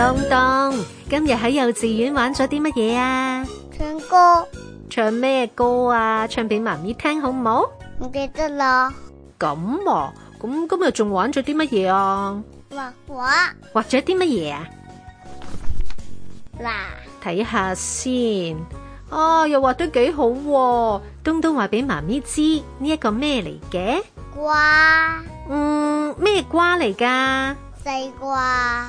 東東，今日喺幼稚園玩咗啲乜嘢啊？唱歌。唱咩歌啊？唱俾媽咪聽好唔好？唔記得啦。咁啊，咁今日仲玩咗啲乜嘢啊？畫畫。畫咗啲乜嘢啊？嗱哇，睇下先。哦、啊，又畫得幾好、啊。東東話俾媽咪知呢一個咩嚟嘅？瓜。嗯，咩瓜嚟噶？西瓜。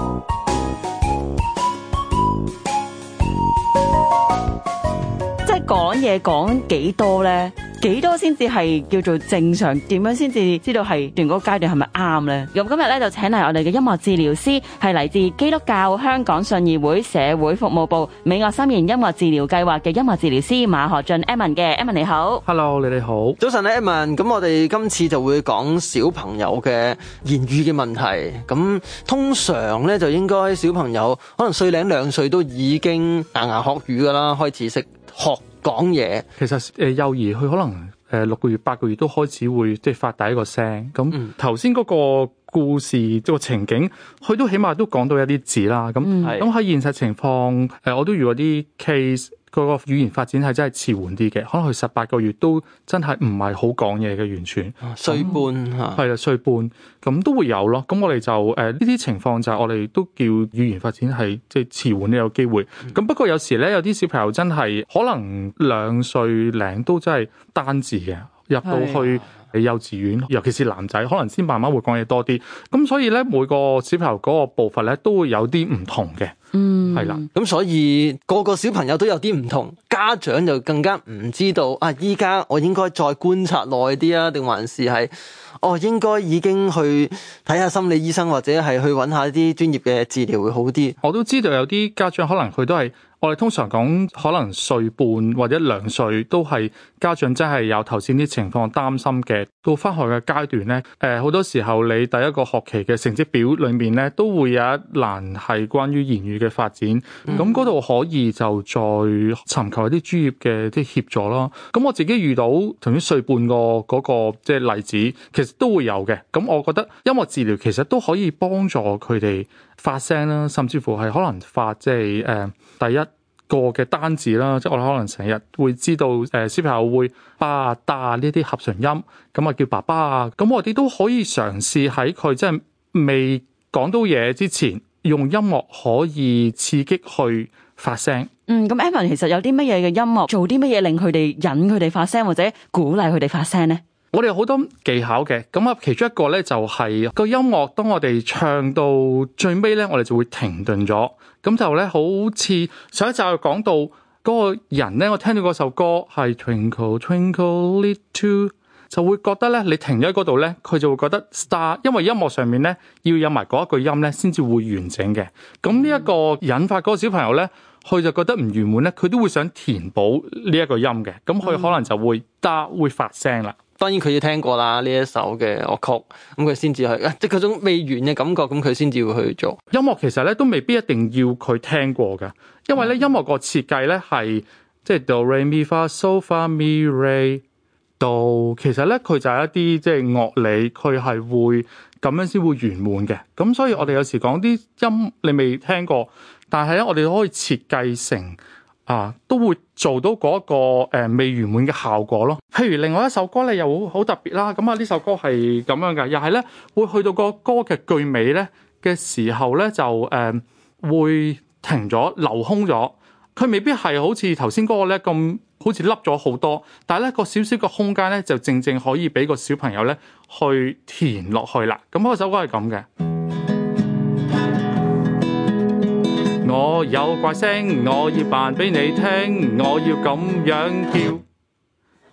講嘢講幾多呢？幾多先至係叫做正常？點樣先至知道係段嗰個階段係咪啱呢？咁今日呢就請嚟我哋嘅音樂治療師，係嚟自基督教香港信義會社會服務部美樂心絃音樂治療計劃嘅音樂治療師馬學俊。Amin 嘅，Amin 你好，Hello，你哋好，早晨呢 Amin，咁我哋今次就會講小朋友嘅言語嘅問題。咁通常呢就應該小朋友可能歲零兩歲都已經牙牙學語㗎喇，開始識學。講嘢，講其實誒，幼兒佢可能誒，六個月、八個月都開始會即係發大一個聲。咁頭先嗰個故事，嗰個情景，佢都起碼都講到一啲字啦。咁咁喺現實情況，誒，我都遇到過啲 case，佢個語言發展係真係遲緩啲嘅，可能佢十八個月都真係唔係好講嘢嘅，完全歲半嚇，係呀，歲半咁、嗯、都會有咯。咁我哋就誒，呢啲情況就係我哋都叫語言發展係即係遲緩都有機會。咁、嗯、不過有時咧，有啲小朋友真係可能兩歲零都真係單字嘅，入到去幼稚園，尤其是男仔，可能先慢慢會講嘢多啲，咁所以咧，每個小朋友嗰個步伐咧都會有啲唔同嘅，嗯，係啦的，咁所以個個小朋友都有啲唔同，家長就更加唔知道啊！依家我應該再觀察耐啲啊，定還是係哦？應該已經去睇下心理醫生，或者係去揾下啲專業嘅治療會好啲。我都知道有啲家長可能佢都係。我哋通常講，可能歲半或者兩歲，都係家長真係有頭先啲情況擔心嘅。到翻學嘅階段咧，誒，好多時候你第一個學期嘅成績表裏面咧，都會有一欄係關於言語嘅發展，咁嗰度可以就再尋求一啲專業嘅啲協助咯。咁我自己遇到同啲歲半個嗰個即係例子，其實都會有嘅。咁我覺得音樂治療其實都可以幫助佢哋發聲啦，甚至乎係可能發即係誒，就是、第一。過嘅單字啦，即係我哋可能成日會知道誒小朋友會爸打呢啲合成音，咁啊叫爸爸啊，咁我哋都可以嘗試喺佢即係未講到嘢之前，用音樂可以刺激去發聲。嗯，咁 Evan 其實有啲乜嘢嘅音樂，做啲乜嘢令佢哋引佢哋發聲，或者鼓勵佢哋發聲咧？我哋有好多技巧嘅，咁啊，其中一個咧就係個音樂。當我哋唱到最尾咧，我哋就會停頓咗，咁就咧好似上一集講到嗰個人咧。我聽到嗰首歌係 Twinkle Twinkle Little，就會覺得咧你停喺嗰度咧，佢就會覺得 star，因為音樂上面咧要有埋嗰一句音咧先至會完整嘅。咁呢一個引發嗰個小朋友咧，佢就覺得唔完滿咧，佢都會想填補呢一個音嘅，咁佢可能就會 da 會發聲啦。當然佢要聽過啦呢一首嘅樂曲，咁佢先至去，即係嗰種未完嘅感覺，咁佢先至會去做音樂。其實咧都未必一定要佢聽過嘅，因為咧、嗯、音樂個設計咧係即係 do re mi fa so fa mi re do，其實咧佢就係一啲即係樂理，佢係會咁樣先會圓滿嘅。咁所以我哋有時講啲音你未聽過，但係咧我哋可以設計成。啊，都會做到嗰、嗰個未、呃、圓滿嘅效果咯。譬如另外一首歌咧，又好好特別啦。咁啊，呢首歌係咁樣嘅，又係咧會去到個歌嘅句尾咧嘅時候咧，就誒、呃、會停咗、留空咗。佢未必係好似頭先嗰個咧咁，好似凹咗好多。但係咧個少少嘅空間咧，就正正可以俾個小朋友咧去填落去啦。咁、嗯、嗰首歌係咁嘅。我有怪聲，我要扮俾你聽，我要咁樣叫。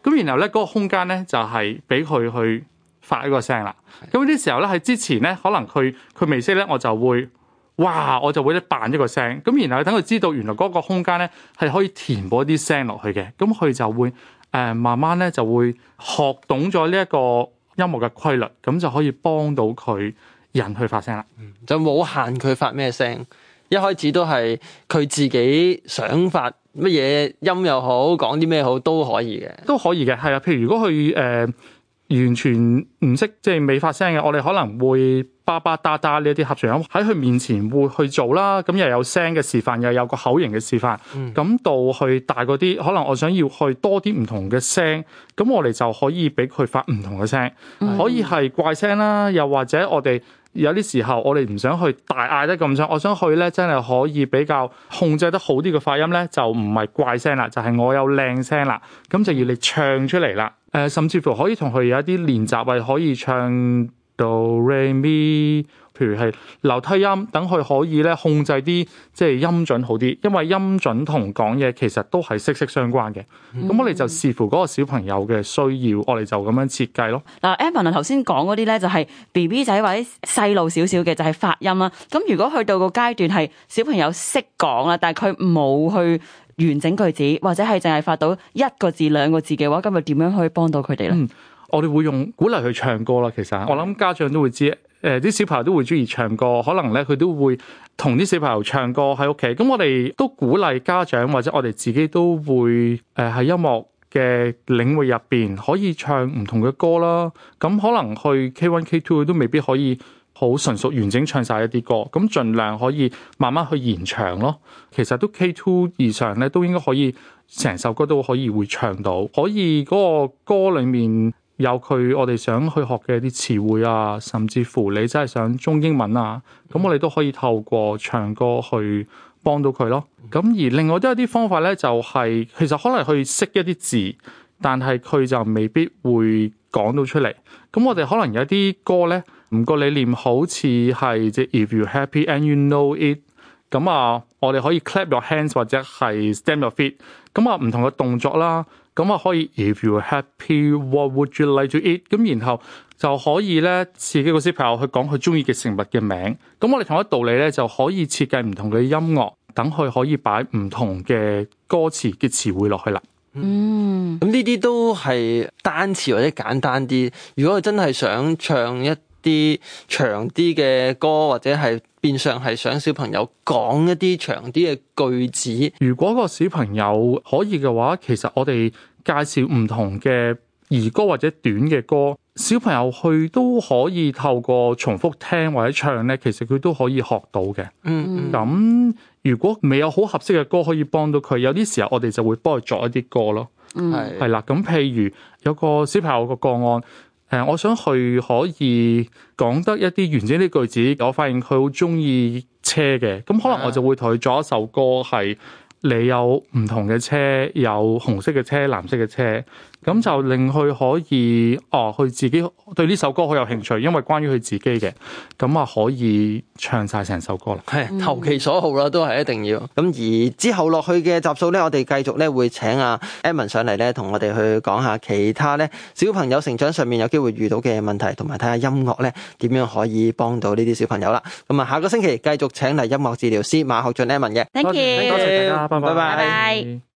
咁、嗯、然後咧，嗰個空間咧就係俾佢去發呢個聲啦。咁呢啲時候咧喺之前咧，可能佢佢未識咧，我就會哇，我就會咧扮一個聲。咁然後等佢知道，原來嗰個空間咧係可以填補一啲聲落去嘅。咁佢就會誒、呃，慢慢咧就會學懂咗呢一個音樂嘅規律，咁就可以幫到佢引去發聲啦。就冇限佢發咩聲。一開始都係佢自己想發乜嘢音又好，講啲咩好都可以嘅，都可以嘅，係啊。譬如如果佢誒、呃、完全唔識，即係未發聲嘅，我哋可能會巴巴嗒嗒呢一啲合上音喺佢面前會去做啦。咁又有聲嘅示範，又有個口型嘅示範。咁、嗯、到佢大嗰啲，可能我想要去多啲唔同嘅聲，咁我哋就可以俾佢發唔同嘅聲，嗯、可以係怪聲啦，又或者我哋。.有啲時候我哋唔想去大嗌得咁粗，我想去咧真係可以比較控制得好啲嘅發音咧，就唔係怪聲啦，就係、是、我有靚聲啦，咁就要你唱出嚟啦。誒、呃，甚至乎可以同佢有一啲練習，係可以唱。Do re mi，譬如係樓梯音，等佢可以咧控制啲即係音準好啲，因為音準同講嘢其實都係息息相關嘅。咁、嗯、我哋就視乎嗰個小朋友嘅需要，我哋就咁樣設計咯。嗱，Annina 頭先講嗰啲咧，剛剛就係 B B 仔或者細路少少嘅，就係發音啦。咁如果去到個階段係小朋友識講啦，但係佢冇去完整句子，或者係淨係發到一個字、兩個字嘅話，咁又點樣可以幫到佢哋咧？嗯我哋會用鼓勵去唱歌啦，其實我諗家長都會知，誒、呃、啲小朋友都會中意唱歌，可能咧佢都會同啲小朋友唱歌喺屋企。咁我哋都鼓勵家長或者我哋自己都會誒喺、呃、音樂嘅領域入邊可以唱唔同嘅歌啦。咁可能去 K1、K2 都未必可以好純熟完整唱晒一啲歌，咁盡量可以慢慢去延長咯。其實都 K2 以上咧，都應該可以成首歌都可以會唱到，可以嗰個歌裏面。有佢我哋想去學嘅一啲詞彙啊，甚至乎你真係想中英文啊，咁我哋都可以透過唱歌去幫到佢咯。咁而另外都有啲方法咧，就係、是、其實可能去識一啲字，但係佢就未必會講到出嚟。咁我哋可能有啲歌咧，唔過理念好似係即係 If you happy and you know it，咁啊，我哋可以 clap your hands 或者係 stamp your feet，咁啊唔同嘅動作啦。咁我可以，If you happy, what would you like to eat？咁然後就可以咧，刺激個小朋友去講佢中意嘅食物嘅名。咁我哋同一道理咧，就可以設計唔同嘅音樂，等佢可以擺唔同嘅歌詞嘅詞彙落去啦。嗯，咁呢啲都係單詞或者簡單啲。如果佢真係想唱一啲長啲嘅歌，或者係變相係想小朋友講一啲長啲嘅句子，如果個小朋友可以嘅話，其實我哋介紹唔同嘅兒歌或者短嘅歌，小朋友佢都可以透過重複聽或者唱咧，其實佢都可以學到嘅。嗯、mm，咁、hmm. 如果未有好合適嘅歌可以幫到佢，有啲時候我哋就會幫佢作一啲歌咯。係、mm，係、hmm. 啦。咁譬如有個小朋友個個案，誒，我想佢可以講得一啲完整啲句子。我發現佢好中意車嘅，咁可能我就會同佢作一首歌係。你有唔同嘅車，有紅色嘅車，藍色嘅車。咁就令佢可以，哦，佢自己對呢首歌好有興趣，因為關於佢自己嘅，咁啊可以唱晒成首歌啦。係、嗯，投其所好啦，都係一定要。咁而之後落去嘅集數咧，我哋繼續咧會請阿 Ammon 上嚟咧，同我哋去講下其他咧小朋友成長上面有機會遇到嘅問題，同埋睇下音樂咧點樣可以幫到呢啲小朋友啦。咁啊，下個星期繼續請嚟音樂治療師馬學俊 Ammon 嘅。Thank you，多謝大家，拜拜。